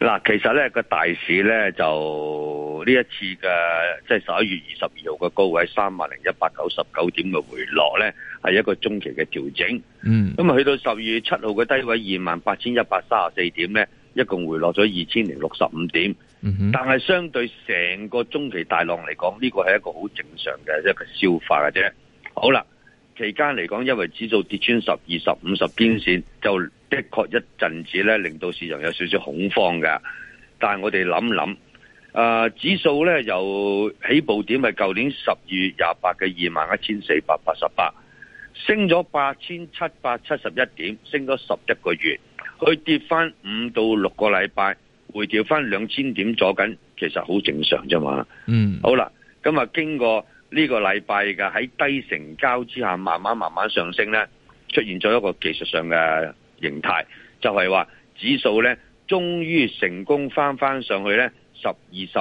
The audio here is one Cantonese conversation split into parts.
嗱，其實咧個大市咧就呢一次嘅即係十一月二十二號嘅高位三萬零一百九十九點嘅回落咧，係一個中期嘅調整。嗯，咁啊去到十二月七號嘅低位二萬八千一百三十四點咧，一共回落咗二千零六十五點。Mm-hmm. 但係相對成個中期大浪嚟講，呢、呢個係一個好正常嘅一個消化嘅啫。好啦。期間嚟講，因為指數跌穿十二、十五、十均線，就的確一陣子咧，令到市場有少少恐慌嘅。但係我哋諗諗，誒、呃，指數咧由起步點係舊年十二月廿八嘅二萬一千四百八十八，升咗八千七百七十一點，升咗十一個月，佢跌翻五到六個禮拜，回調翻兩千點左右，其實好正常啫嘛。嗯，好啦，咁、嗯、啊經過。呢、個禮拜嘅喺低成交之下，慢慢慢慢上升呢，出現咗一個技術上嘅形態，就係話指數呢終於成功翻翻上去呢十二十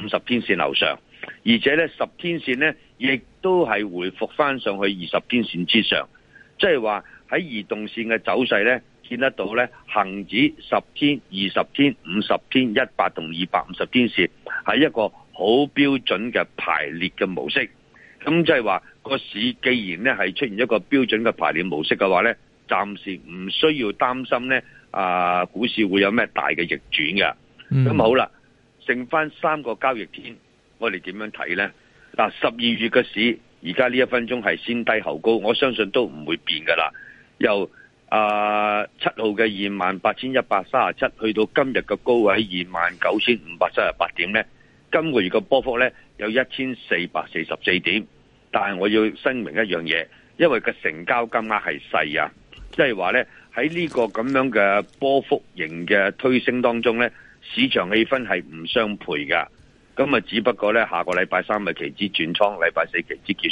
五十天線樓上，而且呢十天線呢亦都係回復翻上去二十天線之上，即係話喺移動線嘅走勢呢見得到呢恆指十天、二十天、五十天、一百同二百五十天線，係一個好標準嘅排列嘅模式。咁即係話個市既然咧係出現一個標準嘅排列模式嘅話咧，暫時唔需要擔心咧，啊股市會有咩大嘅逆轉嘅。咁、嗯、好啦，剩翻三個交易天，我哋點樣睇咧？嗱、啊，十二月嘅市而家呢一分鐘係先低後高，我相信都唔會變噶啦。由啊七號嘅二萬八千一百三十七去到今日嘅高位喺二萬九千五百七十八點咧。今個月個波幅咧有一千四百四十四點，但係我要聲明一樣嘢，因為個成交金額係細啊，即係話咧喺呢個咁樣嘅波幅型嘅推升當中咧，市場氣氛係唔相配噶。咁啊只不過咧下個禮拜三日期指轉倉，禮拜四期指結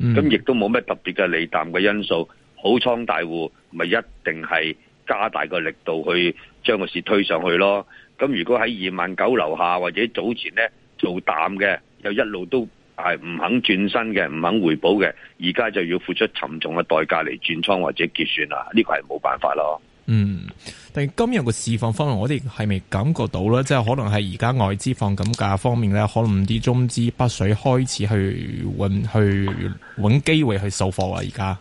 算，咁亦都冇咩特別嘅利淡嘅因素，好倉大戶咪一定係加大個力度去將個市推上去咯。咁如果喺二萬九樓下或者早前呢做淡嘅，又一路都係唔肯轉身嘅，唔肯回補嘅，而家就要付出沉重嘅代價嚟轉倉或者結算啦。呢個係冇辦法咯。嗯，但今日個市況方面，我哋係咪感覺到呢？即係可能係而家外資放咁價方面呢，可能啲中資北水開始去揾去揾機會去售貨啊？而家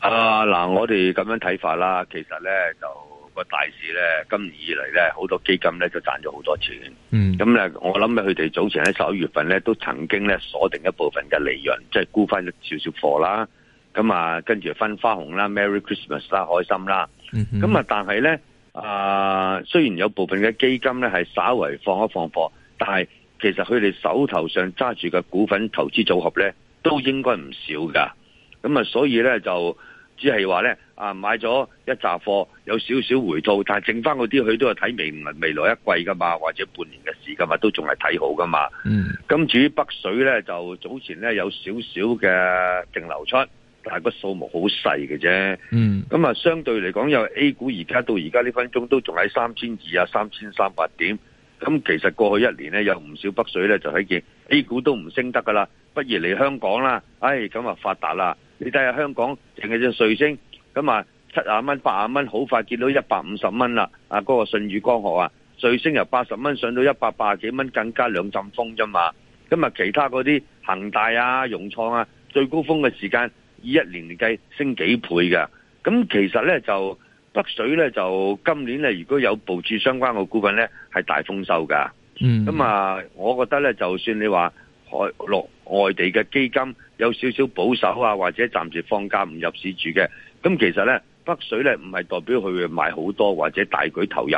啊嗱，我哋咁樣睇法啦，其實呢。就。個大市咧，今年以嚟咧，好多基金咧都賺咗好多錢。咁咧，我諗咧，佢哋早前喺十一月份咧，都曾經咧鎖定一部分嘅利潤，即係沽翻少少貨啦。咁啊，跟住分花紅啦，Merry Christmas 啦，開心啦。咁啊，但係咧，啊雖然有部分嘅基金咧係稍為放一放貨，但係其實佢哋手頭上揸住嘅股份投資組合咧都應該唔少噶。咁啊，所以咧就。只係話咧，啊買咗一紮貨，有少少回吐，但係剩翻嗰啲佢都係睇未來未來一季㗎嘛，或者半年嘅時間嘛，都仲係睇好㗎嘛。嗯，咁至於北水咧，就早前咧有少少嘅淨流出，但係個數目好細嘅啫。嗯，咁啊，相對嚟講，有 A 股而家到而家呢分鐘都仲喺三千二啊三千三百點。咁其實過去一年咧，有唔少北水咧就睇見 A 股都唔升得㗎啦，不如嚟香港啦，唉咁啊發達啦。你睇下香港淨係隻，隻瑞聲，咁啊，七啊蚊八啊蚊，好快見到一百五十蚊啦！啊，嗰個舜宇光學啊，瑞聲由八十蚊上到一百八十幾蚊，更加兩陣風啫嘛！咁啊，其他嗰啲恒大啊、融創啊，最高峰嘅時間以一年嚟計升幾倍嘅。咁其實咧就北水咧就今年咧如果有部署相關嘅股份咧係大豐收㗎。嗯。咁啊，我覺得咧，就算你話，海落外地嘅基金有少少保守啊，或者暫時放假唔入市住嘅。咁其實呢，北水呢唔係代表佢會買好多或者大舉投入，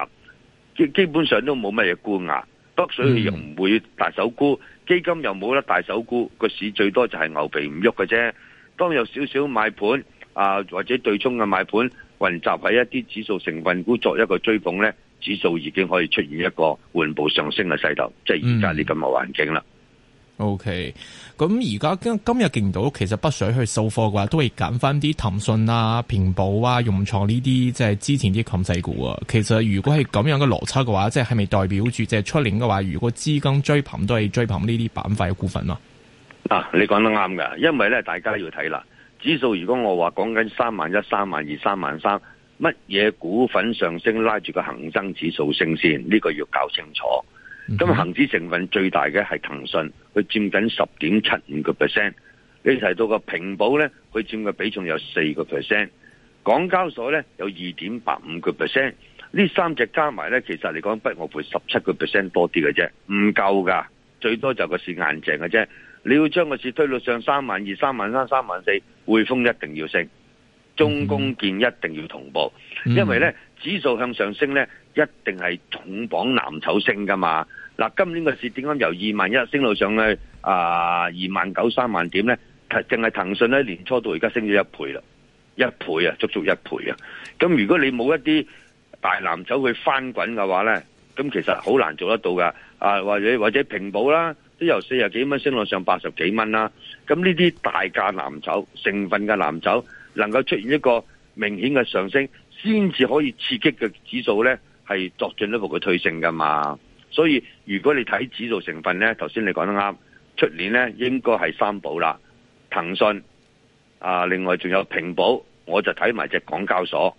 基基本上都冇乜嘢沽牙。北水又唔會大手沽，基金又冇得大手沽，個市最多就係牛皮唔喐嘅啫。當有少少買盤啊，或者對沖嘅買盤，混集喺一啲指數成分股作一個追捧呢，指數已經可以出現一個緩步上升嘅勢頭，即係而家呢咁嘅環境啦。O K，咁而家今今日見到其實北水去掃貨嘅話，都係揀翻啲騰訊啊、平保啊、融創呢啲即係之前啲冚世股啊。其實如果係咁樣嘅邏輯嘅話，即係係咪代表住即係出年嘅話，如果資金追捧都係追捧呢啲板塊嘅股份咯，啊？啊，你講得啱噶。因為咧，大家要睇啦，指數如果我話講緊三萬一、三萬二、三萬三，乜嘢股份上升拉住個恒生指數升先？呢、這個要搞清楚。咁恆指成分最大嘅係騰訊，佢佔緊十點七五個 percent。你提到個平保咧，佢佔嘅比重有四個 percent。港交所咧有二點八五個 percent。呢三隻加埋咧，其實嚟講不外乎十七個 percent 多啲嘅啫，唔夠噶。最多就個市硬淨嘅啫。你要將個市推到上三萬二、三萬三、三萬四，匯豐一定要升，中公建一定要同步，因為咧指數向上升咧，一定係重磅藍籌升噶嘛。嗱，今年嘅市點解由二萬一升到上去啊，二萬九三萬點咧？騰淨係騰訊咧，年初到而家升咗一倍啦，一倍啊，足足一倍啊！咁如果你冇一啲大藍籌去翻滾嘅話咧，咁其實好難做得到噶啊！或者或者平保啦，都由四十幾蚊升到上八十幾蚊啦。咁呢啲大價藍籌成分嘅藍籌，能夠出現一個明顯嘅上升，先至可以刺激嘅指數咧，係作進一步嘅推升噶嘛。所以如果你睇指數成分呢，頭先你講得啱，出年呢應該係三保啦，騰訊啊，另外仲有平保，我就睇埋隻港交所，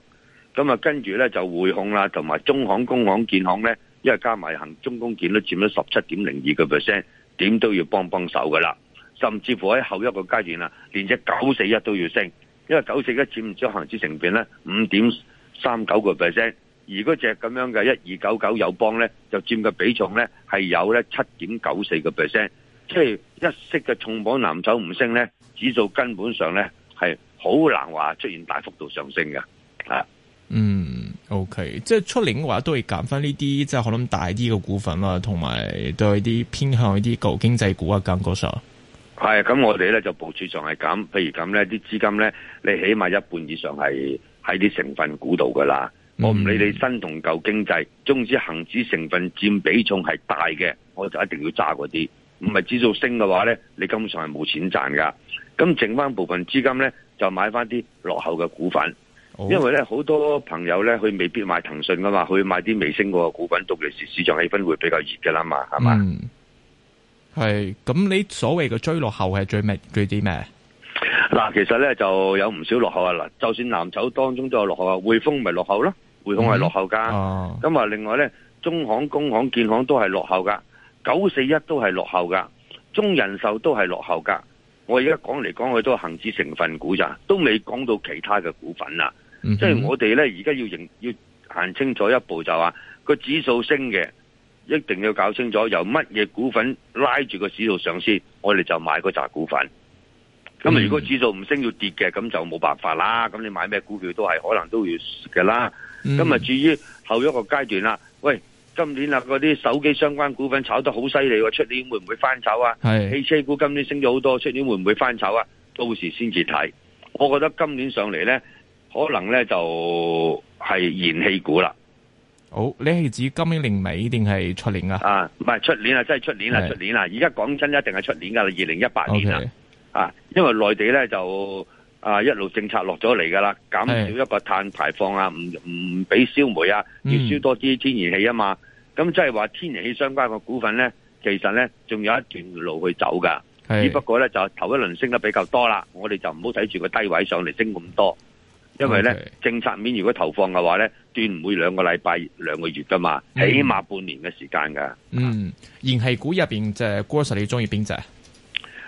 咁啊跟住呢就匯控啦，同埋中行、工行、建行呢，因為加埋行中工建都佔咗十七點零二個 percent，點都要幫幫手噶啦，甚至乎喺後一個階段啊，連隻九四一都要升，因為九四一佔咗行之成分呢，五點三九個 percent。而嗰隻咁樣嘅一二九九友邦咧，就佔嘅比重咧係有咧七點九四個 percent，即係一息嘅重磅藍籌唔升咧，指數根本上咧係好難話出現大幅度上升嘅啊。嗯，OK，即係出年嘅話都會減翻呢啲即係可能大啲嘅股份啦，同埋對啲偏向一啲舊經濟股啊咁個時。係，咁我哋咧就部署上係咁，譬如咁咧啲資金咧，你起碼一半以上係喺啲成分股度噶啦。我唔理你新同舊經濟，總之恒指成分佔比重係大嘅，我就一定要揸嗰啲。唔係指數升嘅話呢，你根本上係冇錢賺噶。咁剩翻部分資金呢，就買翻啲落後嘅股份，因為呢好多朋友呢，佢未必買騰訊噶嘛，佢買啲未升過嘅股份，到時市場氣氛會比較熱噶啦嘛，係、嗯、嘛？係咁，你所謂嘅追落後係追咩？追啲咩？嗱，其實呢就有唔少落後啊。嗱，就算藍籌當中都有落後啊，匯豐咪落後咯。匯控係落後噶，咁啊另外咧，中行、工行、建行都係落後噶，九四一都係落後噶，中人壽都係落後噶。我而家講嚟講去都係恒指成分股咋，都未講到其他嘅股份啊。即、嗯、係、就是、我哋咧，而家要認要行清楚一步就話個指數升嘅，一定要搞清楚由乜嘢股份拉住個指數上先，我哋就買嗰扎股份。咁、嗯、啊！如果指數唔升要跌嘅，咁就冇辦法啦。咁你買咩股票都係可能都要嘅啦。咁、嗯、啊，至於後一個階段啦，喂，今年啊，嗰啲手機相關股份炒得好犀利，出年會唔會翻炒啊？係汽車股今年升咗好多，出年會唔會翻炒啊？到時先至睇。我覺得今年上嚟咧，可能咧就係燃氣股啦。好、哦，你係指今年尾定係出年啊？啊，唔係出年啊，即係、年年真係出年啦，出年啦。而家講真，一定係出年噶啦，二零一八年啦。Okay. 啊，因為內地咧就啊一路政策落咗嚟噶啦，減少一個碳排放啊，唔唔俾燒煤啊，要燒多啲天然氣啊嘛。咁即係話天然氣相關嘅股份咧，其實咧仲有一段路去走噶。只不過咧就頭一輪升得比較多啦，我哋就唔好睇住個低位上嚟升咁多，因為咧、嗯、政策面如果投放嘅話咧，斷唔會兩個禮拜兩個月噶嘛，起碼半年嘅時間噶。嗯、然、啊、係、嗯、股入邊即係郭 Sir 你中意邊隻？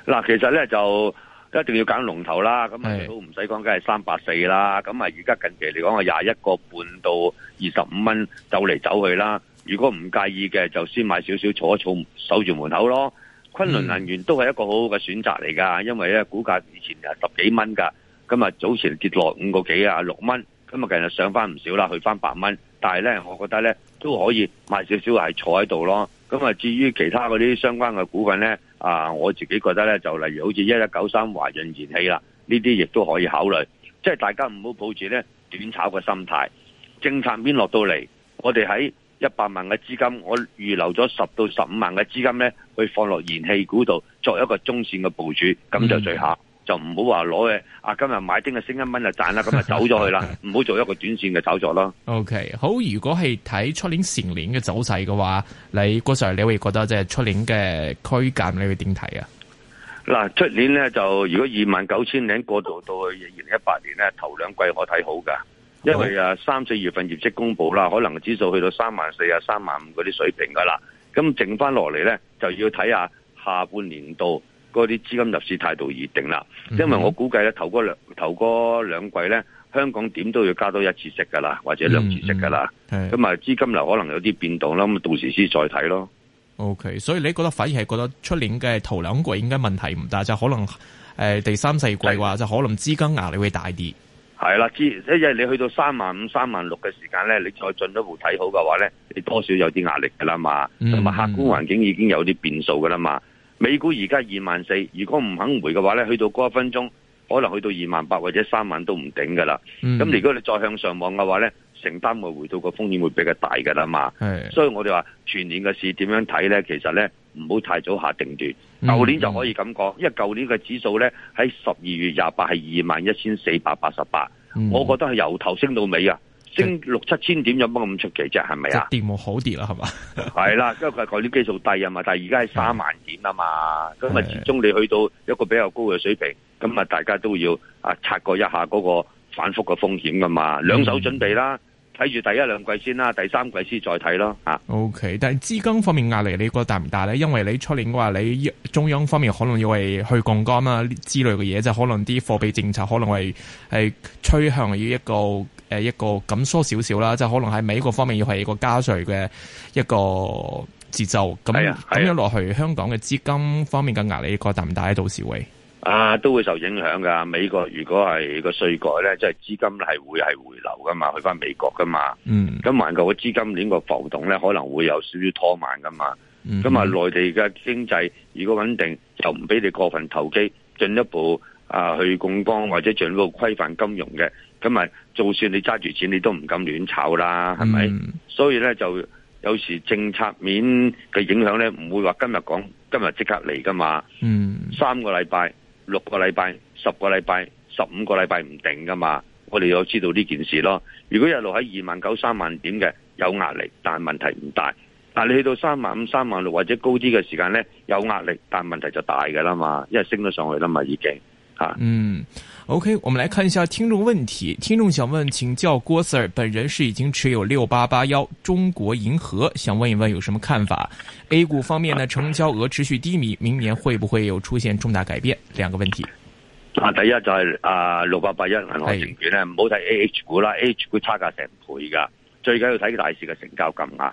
嗱，其實咧就一定要揀龍頭啦，咁啊都唔使講，梗係三八四啦，咁啊而家近期嚟講係廿一個半到二十五蚊走嚟走去啦。如果唔介意嘅，就先買少少坐一坐，守住門口咯。崑崙能源都係一個好好嘅選擇嚟噶，因為咧股價以前係十幾蚊噶，咁啊早前跌落五個幾啊六蚊，咁啊近日上翻唔少啦，去翻八蚊。但係咧，我覺得咧都可以買少少係坐喺度咯。咁啊至於其他嗰啲相關嘅股份咧，啊，我自己覺得咧，就例如好似一一九三華潤燃氣啦，呢啲亦都可以考慮。即係大家唔好抱住咧短炒嘅心態。政策面落到嚟，我哋喺一百萬嘅資金，我預留咗十到十五萬嘅資金咧，去放落燃氣股度作一個中線嘅部署。咁就最好。就唔好話攞去，啊今日買丁嘅升一蚊就賺啦，咁就走咗去啦，唔 好做一個短線嘅炒作咯。OK，好，如果係睇出年成年嘅走勢嘅話，你嗰時候你會覺得即係出年嘅區間你會點睇啊？嗱，出年咧就如果二萬九千零過度到到去二零一八年咧頭兩季我睇好噶，因為啊三四月份業績公布啦，可能指數去到三萬四啊三萬五嗰啲水平噶啦，咁剩翻落嚟咧就要睇下下半年度。嗰啲資金入市態度而定啦，因為我估計咧、mm-hmm. 頭嗰兩頭兩季咧，香港點都要加多一次息噶啦，或者兩次息噶啦。咁、mm-hmm. 啊資金流可能有啲變動啦，咁啊到時先再睇咯。O、okay, K，所以你覺得反而係覺得出年嘅頭兩季應該問題唔大，就可能誒、呃、第三四季話就可能資金壓力會大啲。係啦，即係你去到三萬五、三萬六嘅時間咧，你再進一步睇好嘅話咧，你多少有啲壓力噶啦嘛。同、mm-hmm. 埋客觀環境已經有啲變數噶啦嘛。美股而家二萬四，如果唔肯回嘅話咧，去到嗰一分鐘，可能去到二萬八或者三萬都唔頂噶啦。咁、嗯、如果你再向上望嘅話咧，承擔嘅回到個風險會比較大噶啦嘛。所以我哋話全年嘅市點樣睇咧，其實咧唔好太早下定斷。舊、嗯、年就可以咁講，因為舊年嘅指數咧喺十二月廿八係二萬一千四百八十八，我覺得係由頭升到尾啊。升六七千點有乜咁出奇啫？係咪啊？跌冇好跌啦，係嘛？係 啦，因為佢嗰啲基數低啊嘛。但係而家係三萬點啊嘛，咁啊，始終你去到一個比較高嘅水平，咁啊，大家都要啊，察覺一下嗰個反覆嘅風險噶嘛。兩手準備啦，睇、嗯、住第一兩季先啦，第三季先再睇咯。吓，O K。Okay, 但係資金方面壓力你覺得大唔大咧？因為你出年嘅話，你中央方面可能要係去槓桿啊之類嘅嘢，就是、可能啲貨幣政策可能係係趨向要一個。誒，一個咁縮少少啦，即係可能喺美國方面要係一個加稅嘅一個節奏，咁咁樣落去，香港嘅資金方面嘅壓力應該大唔大，到時會啊都會受影響噶。美國如果係個稅改咧，即係資金係會係回流噶嘛，去翻美國噶嘛。嗯，咁環球嘅資金鏈個浮動咧，可能會有少少拖慢噶嘛。咁、嗯、啊，內地嘅經濟如果穩定，就唔俾你過分投機，進一步啊去槓桿或者進一步規範金融嘅。咁咪，就算你揸住錢，你都唔敢亂炒啦，係、嗯、咪？所以咧，就有時政策面嘅影響咧，唔會話今日講，今日即刻嚟噶嘛、嗯。三個禮拜、六個禮拜、十個禮拜、十五個禮拜唔定噶嘛。我哋有知道呢件事咯。如果一路喺二萬九、三萬點嘅，有壓力，但問題唔大。但你去到三萬五、三萬六或者高啲嘅時間咧，有壓力，但問題就大㗎啦嘛。因為升咗上去啦嘛，已經。嗯，OK，我們來看一下聽眾問題。聽眾想問，請教郭 Sir，本人是已經持有六八八幺中國銀河，想問一問有什麼看法？A 股方面呢，成交額持續低迷，明年會不會有出現重大改變？兩個問題。啊，第一就係啊六八八一銀河證券呢，唔好睇 A H 股啦，A H 股差價成倍噶，最緊要睇個大市嘅成交金額。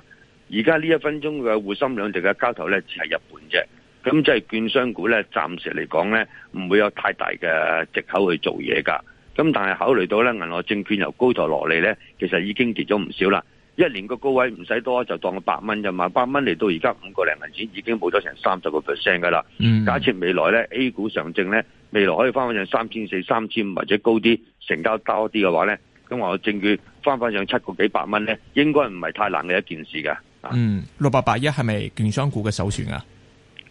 而家呢一分鐘嘅滬深兩市嘅交投呢，只係日本啫。咁即係券商股咧，暫時嚟講咧，唔會有太大嘅借口去做嘢噶。咁但係考慮到咧，銀河證券由高台落嚟咧，其實已經跌咗唔少啦。一年個高位唔使多，就當個八蚊就買，八蚊嚟到而家五個零銀錢已經冇咗成三十個 percent 噶啦。假設未來咧，A 股上證咧，未來可以翻翻上三千四、三千五或者高啲，成交多啲嘅話咧，咁銀河證券翻翻上七個幾百蚊咧，應該唔係太難嘅一件事㗎。嗯，六百八一係咪券商股嘅首選啊？.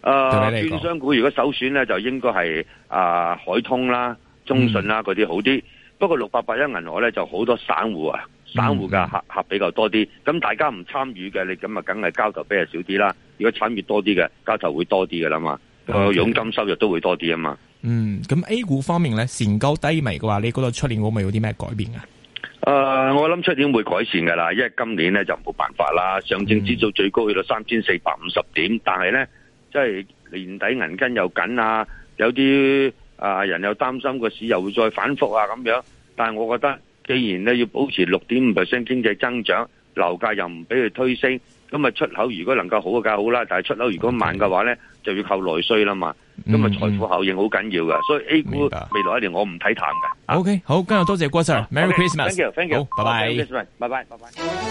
誒、呃，券商股如果首選咧，就應該係誒、呃、海通啦、中信啦嗰啲、嗯、好啲。不過六八八一銀河咧就好多散戶啊，散戶嘅客客比較多啲。咁、嗯、大家唔參與嘅，你咁啊，梗係交投比較少啲啦。如果參與多啲嘅，交投會多啲噶啦嘛，個佣金收入都會多啲啊嘛。嗯，咁 A 股方面咧，成交低迷嘅話，你嗰度出年會唔會有啲咩改變啊？誒、呃，我諗出年會改善噶啦，因為今年咧就冇辦法啦，上證指數最高去到三千四百五十點，嗯、但係咧。即係年底銀根又緊啊，有啲啊、呃、人又擔心個市又會再反復啊咁樣。但係我覺得，既然咧要保持六點五 percent 經濟增長，樓價又唔俾佢推升，咁啊出口如果能夠好嘅梗好啦。但係出口如果慢嘅話咧，就要靠內需啦嘛。咁啊財富效應好緊要噶、嗯嗯，所以 A 股未來一年我唔睇淡嘅。OK，好，今日多謝郭生，Merry Christmas，好，拜拜，Merry Christmas，thank you，拜拜，拜拜。